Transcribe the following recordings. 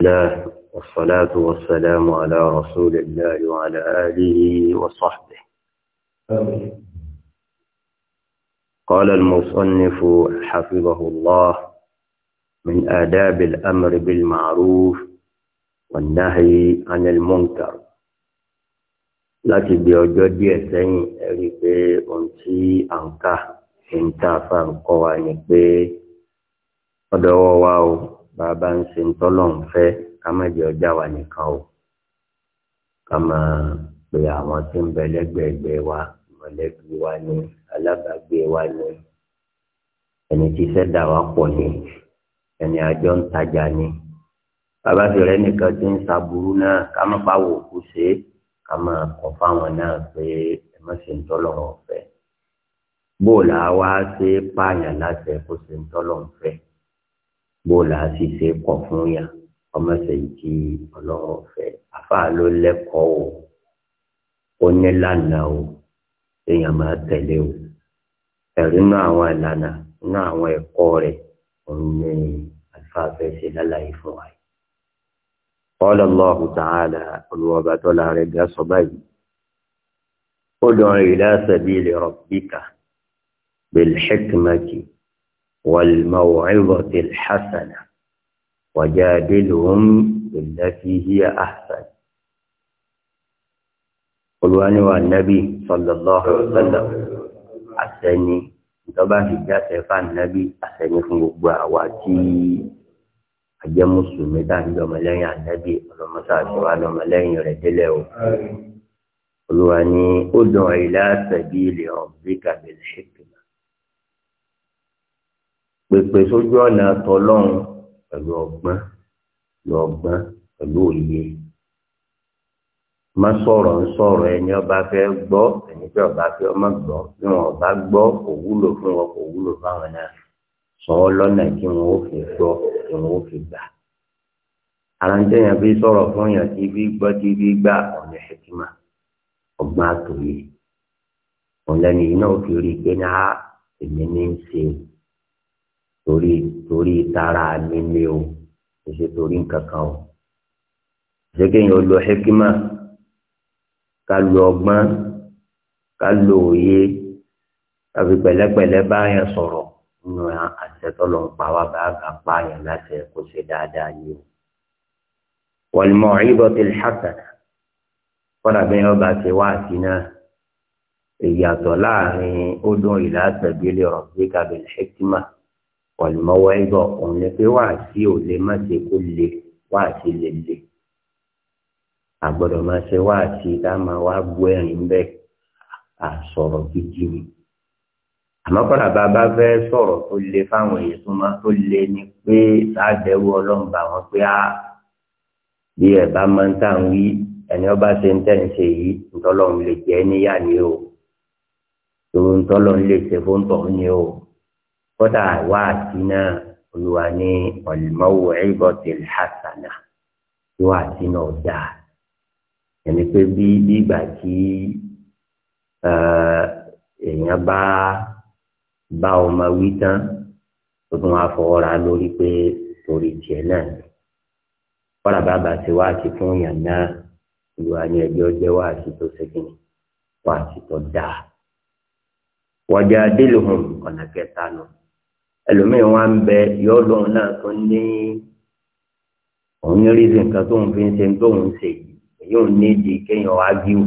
الله والصلاة والسلام على رسول الله وعلى آله وصحبه قال المصنف حفظه الله من آداب الأمر بالمعروف والنهي عن المنكر láti bí ọjọ́ díẹ̀ sẹ́yìn ẹ̀rí pé ohun tí à ń kà ń tà fà ń wa ni pé ọ̀dọ́wọ́ wa o bàbá ń ṣe ńtọ́lọ́hún fẹ́ ká má jẹ́ ọjà wà nìkan o ká máa pe àwọn tí ń bẹ lẹ́gbẹ̀ẹ́gbẹ́ wa mọ̀lẹ́bí wa ní alábàágbé wa ní ẹni tí iṣẹ́ dà wá pọ̀ ní ẹni àjọ ń tajà ní bàbá fìrẹ́ nìkan tí ń ṣàbùrú náà ká má pa wò kú ṣe é ká máa kọ̀ fáwọn náà pé ẹ má ṣe ńtọ́lọ́hún fẹ́ bóòlà wa ṣe pààyàn láti ẹ kó ṣe ńtọ́lọ́hún fẹ́ bó la sì ṣe kọ̀ fún yà ọmọ ṣèyí tí ọlọ́run fẹ́ àfáà ló lẹ́kọ̀ọ́ o ó ní lànà o èèyàn máa tẹ̀lé o ẹ̀rí nú àwọn ìlànà nú àwọn ẹ̀kọ́ rẹ̀ òun ní àlùfáà fẹ́ ṣe lálàyé fún wa. قال الله تعالى olùwàbà tó la rẹ̀ gá sọ ادع إلى سبيل ربك بالحكمة والموعظة الحسنة وجادلهم بالتي هي أحسن olùwàní wa nàbí sallallahu alaihi wasallam àsẹni ìjọba fi jáde fa nàbí àsẹni fún gbogbo àwa tí ajẹ mùsùlùmí dáńdé ọmọlẹ́yìn ànábì ọlọmọsá àṣewà lọmọlẹ́yìn rẹ̀ délẹ̀ o olùwàní ó dùn ila sabili rabbika bil hikma pèpè sójú ọ̀nà tọlọ́run pẹ̀lú ọgbọ́n pẹ̀lú ọgbọ́n pẹ̀lú òye má sọ̀rọ̀ ń sọ̀rọ̀ ẹni ọba fẹ́ gbọ́ ẹni tí ọba fẹ́ ọmọ gbọ́ bí wọn ọba gbọ́ kò wúlò fún wọn kò wúlò fáwọn náà sọ ọ lọ́nà kí wọn ó fi gbọ́ kí wọn ó fi gbà aláǹtẹ̀yàn fi sọ̀rọ̀ fún yàn tí fi gbọ́ tí fi gbà ọ̀nà ṣèkìmá ọgbọ́n àtòyè òun lẹ́nu torí torí tara nílé o kò ṣe torí nǹkan kan o ṣé kéèyàn lo hekima ká lo ọgbọ́n ká lo òye káfi pẹ̀lẹ́pẹ̀lẹ́ báyẹn sọ̀rọ̀ nínú àṣetọ́lọ́ ń pa wá bá a kà pa àyàn láti kó ṣe dáadáa yìí o. wal mau'izatil hasana kọ́dà bí wọ́n bá ṣe wá sí náà ìyàtọ̀ láàrin ó dún ila sabili rabbika bil hikma ọ̀lùmọ́wọ́ ẹ̀gbọ́ òun ni pé wàá sí ò lè má ṣe kó le wàá sí lè le àgbọ̀dọ̀ máa ṣe wàá sí tá a máa wá bu ẹ̀rín bẹ́ẹ̀ àsọ̀rọ̀ gidi ni àmọ́ kọ́ra bá bá fẹ́ sọ̀rọ̀ tó le fáwọn èèyàn tó máa tó le ni pé láàbẹ̀wò ọlọ́run bá wọn pé á bí ẹ̀ bá máa ń tà ń wí ẹni ọba ṣe ń tẹ̀sẹ̀ yìí ntọ́lọ́run lè jẹ́ níyà ni o tòun tọ́lọ́run lè ṣe fóńtọ̀ ni o kódà wá àti náà olùwà ní ọ̀lùmọ́wò ẹ̀bọ̀tìl hasana wá àti náà dáa ẹni pé bí ìgbà tí èèyàn bá bá ọmọ wí tán tó tún wá fọwọ́ ra lórí pé torí tiẹ̀ náà ni kọ́ra bàbá ti wá àti fún yàn náà olùwà ní ẹjọ́ jẹ́ wá àti tó ṣẹ́kìnnì wá àti tó dáa wọ́jà délùhùn ọ̀nà kẹta náà ẹlòmíì wọn ń bẹ yọ lóun náà tó ní òun ní rízì nǹkan tó ń fi ń ṣe tó ń ṣe yìí èyí ò ní di kéèyàn ágíù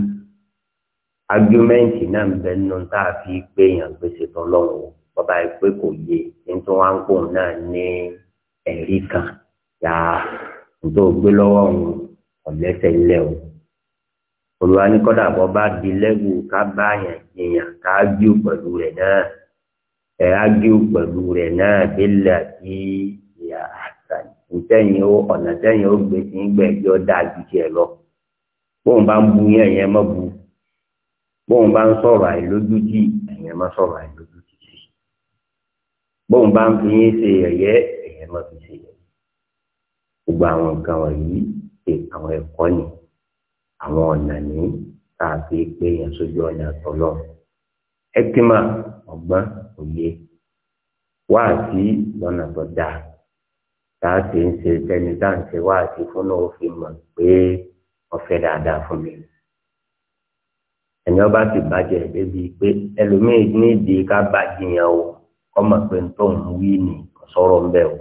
ágíùmẹ́ǹtì náà ń bẹ nínú tá a fi pé èèyàn gbèsè tó lọ́wọ́ bàbá yìí pé kò yé nítorí wọn ń pò náà ní ẹ̀rí kan yá nítorí gbé lọ́wọ́ òun ọ̀lẹ́sẹ̀ lẹ́ o olùwà bọ́ bá di lẹ́wù ká bá yàn jiyàn ká ágíù pẹ̀lú rẹ̀ náà ẹ ágíw pẹ̀lú rẹ̀ náà bílẹ̀ kí ìyá àtàn ìtẹ̀yìn ó ọ̀nà tẹ̀yìn ó gbé sí gbẹ̀jọ́ dáa ju tiẹ̀ lọ bóun bá ń bu yẹn yẹn mọ́ bu bóun bá ń sọ̀rọ̀ àìlójútì ẹ̀yẹn má sọ̀rọ̀ àìlójútì sí bóun bá ń fi yín ṣe ẹ̀yẹ ẹ̀yẹn má fi ṣe ẹ̀yẹ gbogbo àwọn nǹkan wọ̀nyí ṣe àwọn ẹ̀kọ́ ni àwọn ọ̀nà ní tá pé yẹn sójú ọ̀nà tọ́lọ́run ẹtìmá ọgbọ́n òye wáàtí lọ́nà tó dáa tá a ti ń ṣe tẹni tá à ń ṣe wáàtí fún náà ó fi mọ̀ pé ọ̀fẹ́ dáadáa fún mi ẹni ọba ti bàjẹ́ débi pé ẹlòmíì nídi ká bá jiyàn o ọmọ pé tó ń wí ni sọ̀rọ̀ ń bẹ̀ o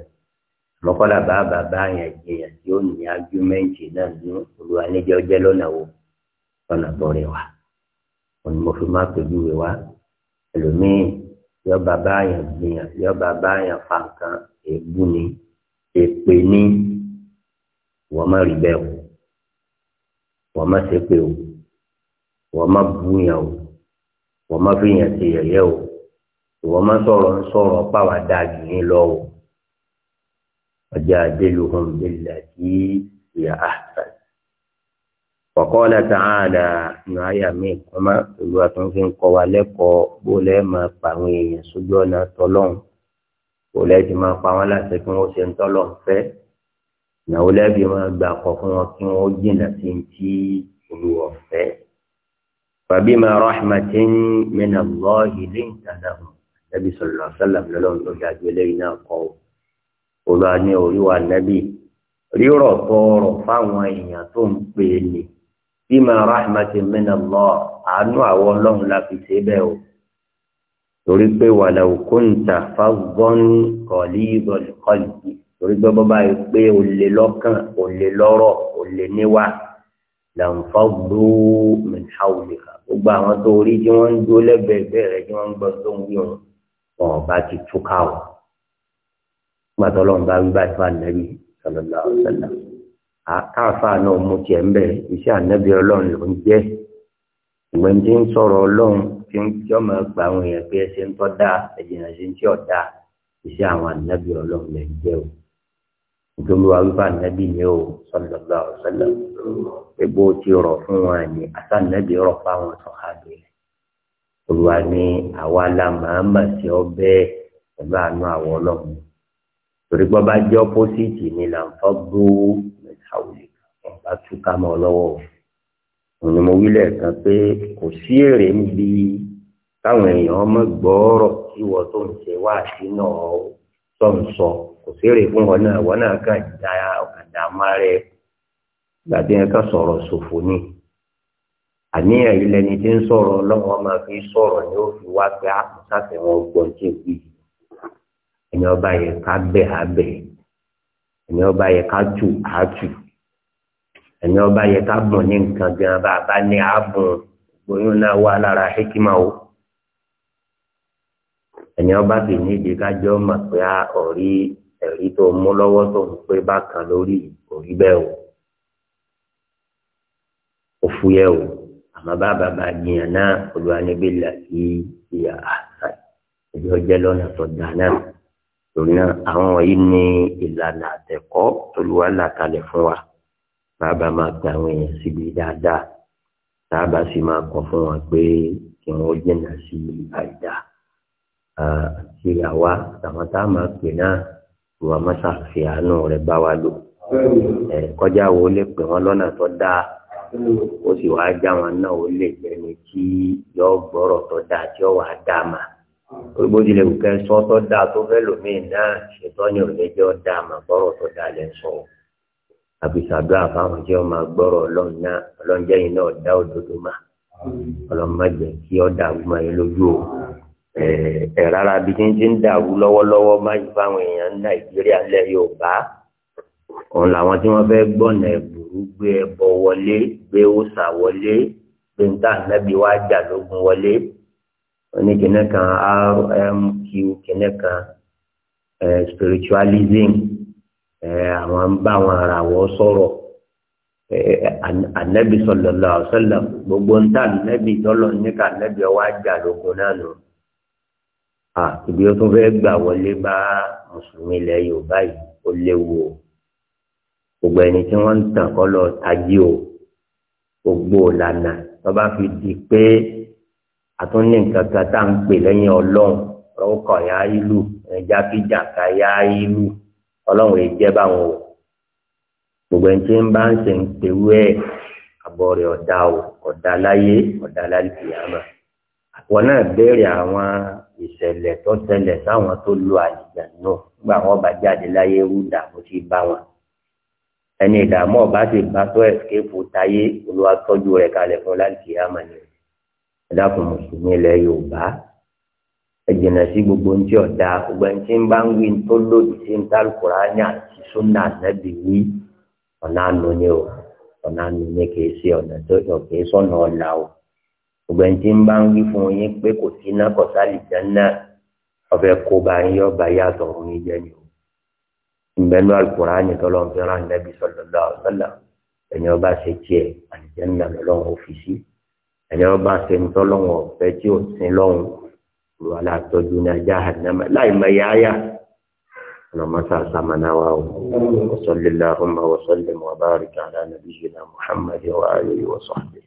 àmọ́kọ́lá bá bàbá yẹn jiyàn tí ó ní ágúmẹ́ǹtì náà ní olúwa níjẹ́ ọjẹ́ lọ́nà wo lọ́nà bọ̀rẹ̀ wa òní mo fi má pẹ̀lú rẹ̀ wá ẹlòmíì yọ bàbá yẹn gbìyàn yọ bàbá yẹn fa nǹkan èébú ni èpè ní wọ́n má rí bẹ́ẹ̀ o wọ́n má ṣe pé o wọ́n má bú yẹn o wọ́n má fi yẹn ṣe yẹ̀yẹ́ o wọ́n má sọ̀rọ̀ sọ̀rọ̀ pàwádà jù yín lọ ọjà àdéhùn hàn bẹ́ẹ̀ làtí ìyá àṣà. Wàkọ́lá tààlà nù àyà mi kọ́má olùwà tó ń fi ń kọ́ wa lẹ́kọ̀ọ́ bó lẹ́ máa pa àwọn èèyàn sójú ọ̀nà tọ́lọ́hún bó lẹ́ ti máa pa wọ́n láti kí wọ́n ṣe ń tọ́lọ́hún fẹ́ ìnáwó lẹ́bi máa gbà kọ́ fún wọn kí wọ́n jìnnà sí ti olùwà fẹ́. Fàbí ma rahmatin min Allah linta lahum Nabi sallallahu alaihi bímọ rahmatin minallah àánú àwọn ọlọ́run la fi ṣe bẹ́ẹ̀ o torí pé walaw kunta fazzan qalibal qalbi torí pé bọ́bá yìí pé o lè lọ́kàn o lè lọ́rọ̀ o lè níwà lànfàdó min hawlika gbogbo àwọn tó rí tí wọ́n ń dúró lẹ́gbẹ̀ẹ́ bẹ́ẹ̀rẹ̀ tí wọ́n ń gbọ́ tó ń wí wọn wọn ọba ti túká o gbàtọ́ lọ́nba wíwá tí wọ́n á nẹ́bí sallallahu alaihi wasallam àkáàfà náà mo tiẹ̀ ń bẹ̀ iṣẹ́ ànábì ọlọ́run ló ń jẹ́ ìwé tí ń sọ̀rọ̀ ọlọ́run tí ń tí ọmọ gba àwọn èèyàn pé ẹsẹ̀ ń tọ́ da ẹ̀yìnrán ṣe ń tí ọ̀dà iṣẹ́ àwọn ànábì ọlọ́run lè jẹ́ o nítorí wa wípé ni o sallallahu alaihi wasallam egbò ti rọ̀ fún wọn ni àtànábì rọ̀ fáwọn sọ̀hábì rẹ̀ olùwà ni àwa la màámà sí ọ bẹ́ẹ̀ àánú àwọn ọlọ́run torí gbọ́ bá jẹ́ ọ́pọ́sìtì ni là ń fọ́ gbóó hàwùlì ọba túká mọ́ lọ́wọ́ òní mo pé kò sí èrè ń bi káwọn èèyàn mọ̀ gbọ́ọ̀rọ̀ tí tó ń ṣe wá sí náà tó ń sọ kò sí fún wọn náà wọn náà kàn dá rẹ gbàdé yẹn ká ṣòfò ni tí fi sọrọ ni ó fi wá pé wọn ẹni ọba yẹ ká tù á tù ẹni ọba yẹ ká bùn ní nǹkan gan bá a bá ní ààbùn gbóyún náà wà lára hekima o ẹni ọba sì ní ìdí kájọ mọ̀ pé a ọ̀rí ẹ̀rí tó mú lọ́wọ́ tó ń pé bákan lórí òrí bẹ́ẹ̀ o òfúyẹ́ o àmọ́ bá bàbá náà olùwàníbí làkì ìyá àṣà ìjọ jẹ́ lọ́nà tó dáa torí náà àwọn wọ̀nyí ní ìlànà àtẹ̀kọ́ tolúwa là kalẹ̀ fún wa bàbá máa pe àwọn èèyàn síbi dáadáa bàbá sì máa kọ̀ fún wọn pé kí wọ́n jìnnà sí àìdá àti àwa àtàwọn tá a máa pè náà ìwà mọ́sà fi àánú rẹ̀ bá wa lò kọjá wo lè pè wọ́n lọ́nà tó dáa ó sì wáá já wọn náà ó lè jẹ́ni tí yọ gbọ́rọ̀ tó dáa tí ó wàá dáa máa olùgbòdì lè kẹ́ sọ tó dáa tó fẹ́ lòmíì náà ṣètò ní òrùlẹ́jọ́ dáa mà gbọ́rọ̀ tó dáa lẹ́ sọ àbísàdúrà fáwọn tí wọ́n máa gbọ́rọ̀ ọlọ́run náà ọlọ́njẹ́ yìí náà dá òdodo mà ọlọ́run má jẹ́ kí ọ́ máa yẹ lójú o ẹ̀ rárá bí tí ń ti ń dàrú lọ́wọ́lọ́wọ́ báyìí fáwọn èèyàn nàìjíríà lẹ́ yorùbá òun làwọn tí wọ́n fẹ́ gbọ́nà ẹ̀bùrú gbé ẹbọ wọlé gbé òòṣà wọlé gbé ń tà nábì wá jà lógun wọlé oní kìnnẹ́ kan rmq kìnnẹ́ kan eh, spiritualism eh, àwọn ń bá wọn ara wọ́ sọ̀rọ̀ eh, anabi sallallahu alaihi wasallam gbogbo ń tà nẹbi tọlọ níka nẹbi ọwọ ajá lógun náà nù ibi ó tún fẹ́ẹ́ gbà wọlé bá mùsùlùmí ilẹ̀ yorùbá yìí ó léwu o gbogbo ẹni tí wọ́n ń tàn kọ́ lọ tají o gbogbo ìlànà tó bá fi di pé àtún ní nǹkan kan tá à ń pè lẹ́yìn ọlọ́run ọkọ̀ ya ìlú ẹ̀jákíjàká ya ìlú ọlọ́run èjẹ́ báwọn o gbogbo ẹni tí ń bá ń ṣe ń pèwú ẹ̀ àbọ̀ rẹ̀ ọ̀dà o ọ̀dà láyé ọ̀dà lálùkìyàmà wọn náà béèrè àwọn ìṣẹ̀lẹ̀ tó ṣẹlẹ̀ sáwọn tó lo àyíjà náà nígbà wọn bá jáde láyé rú dààmú sí bá wọn ẹni ìdààmú ọba sì bá tó ẹ̀ṣẹ̀ fò táyé olùwàtọ́jú rẹ̀ kalẹ̀ fún lálùkìyàmà nìyẹn ẹ̀dákun mùsùlùmí ilẹ̀ yorùbá ẹ̀jìnà sí gbogbo ntí ọ̀dà gbogbo ntí ń bá ń wí tó lòdì sí ń tá Al-Kùránì àti súnà nàbì wí ọ̀nà àánú ni o ọ̀nà àánú ni kìí ṣe ọ̀nà tó yọ kìí sọ̀nà ọ̀la o gbogbo ntí ń bá ń wí fún yín pé kò sí iná kò sálì jẹ́nà ọ̀fẹ́ kó ba yín ọba yàtọ̀ òun yín jẹ́ ni o ìgbẹ́nu Al-Kùránì tọ́lọ́mùfẹ́ràn nàbì sallallahu ẹni wọn bá ṣe ń tọ́ lọ́wọ́ ọ̀fẹ́ tí ò sin lọ́hùn olùwà látọ́jú ní ajá àdámà láì mọ ẹ̀yà ayà ọlọ́mọṣà sàmánà wa o wasalli allahumma wasallim wa barik ala nabiyyina muhammadin wa alihi wa sahbihi.